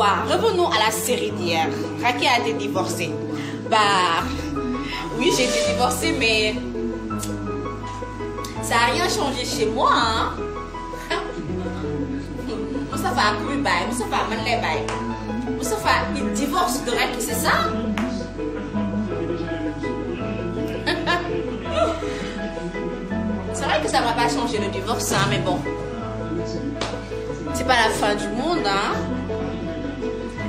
revenons à la série d'hier. Raquel a été divorcée. Bah, oui, j'ai été divorcée, mais ça n'a rien changé chez moi. Hein? va a savez, bail, Moustapha a mené Vous va, il divorce de Raquel c'est ça? C'est vrai que ça ne va pas changer le divorce, hein, mais bon. C'est pas la fin du monde, hein?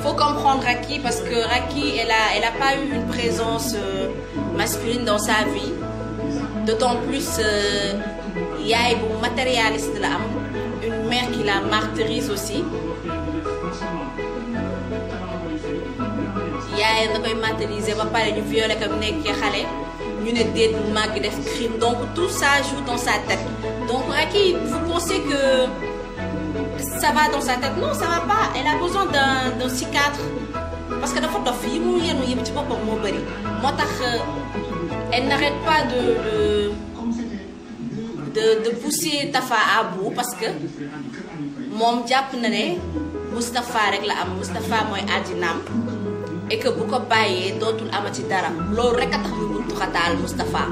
faut comprendre Raki parce que Raki, elle n'a elle a pas eu une présence euh, masculine dans sa vie. D'autant plus, euh, il y a une matérialiste une mère qui la martyrise aussi. yaayam da koy mentaliser ba pare ñu violé ko nekkee xale ñu ne déet mu def crime donc tout ça joue dans sa tête donc Racky vous pensez que ça va dans sa tête non ça va pas elle a besoin d'un psychiatre parce que dafa dof yi mu yenu yëpp ci boppam moo bëri moo euh, elle n'arrête pas de de de de pousser Tafa à bout parce que mon jàpp na Mustafa avec rek la am Mustafa Adinam, adinam et que beaucoup ko bàyyee dootul amati dara loolu rek a tax mu buntu xataal Moustapha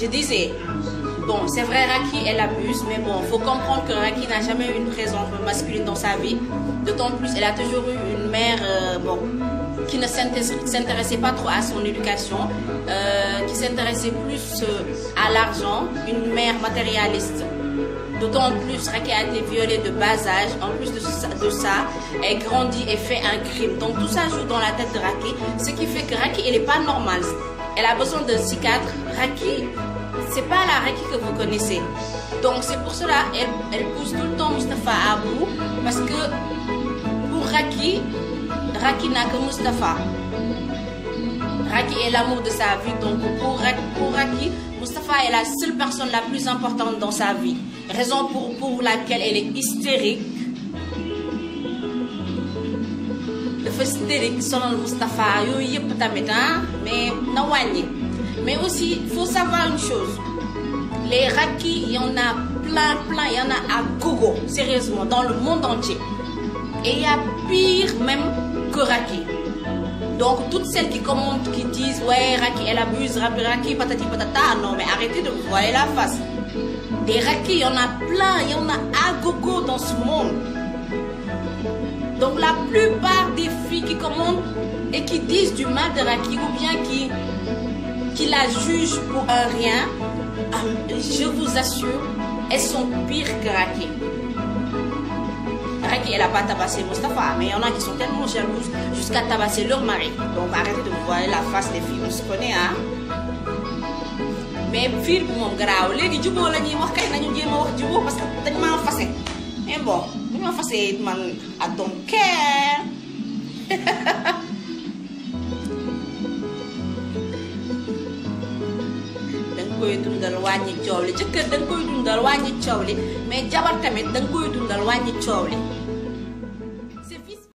je disais bon c'est vrai Raki elle abuse, mais bon faut comprendre que Raki n'a jamais eu une présence masculine dans sa vie d'autant plus elle a toujours eu une mère euh, bon qui ne s'intéressait pas trop à son éducation, euh, qui s'intéressait plus euh, à l'argent, une mère matérialiste. D'autant plus, Raki a été violée de bas âge, en plus de ça, de ça, elle grandit et fait un crime. Donc tout ça joue dans la tête de Raki, ce qui fait que Raki, elle n'est pas normale. Elle a besoin de psychiatre. Raki, c'est pas la Raki que vous connaissez. Donc c'est pour cela elle, pousse tout le temps Mustafa à bout parce que pour Raki, Raki n'a que Mustapha. Raki est l'amour de sa vie. Donc pour, Raki, pour est la seule personne la plus importante dans sa vie. Raison pour laquelle elle est hystérique Ah, mais mais aussi il faut savoir une chose les il y en a plein plein il y en a à gogo sérieusement dans le monde entier et il y a pire même que raki donc toutes celles qui commentent qui disent ouais raki elle abuse raki patati patata ah non mais arrêtez de vous voiler la face des il y en a plein il y en a à gogo dans ce monde donc la plupart des filles qui commandent et qui disent du mal de Raki ou bien qui, qui la jugent pour un rien, je vous assure, elles sont pires que Raki. Raki, elle n'a pas tabassé Mustafa mais il y en a qui sont tellement jalouses jusqu'à tabasser leur mari. Donc arrêtez de voir la face des filles, on se connaît, hein mais bon mon grave, les wax parce que dañ mais bon man, I don't care. koy dundal wàññi coow li jëkkër danga koy dundal wàññi coow mais jabar tamit danga koy dundal wàññi coow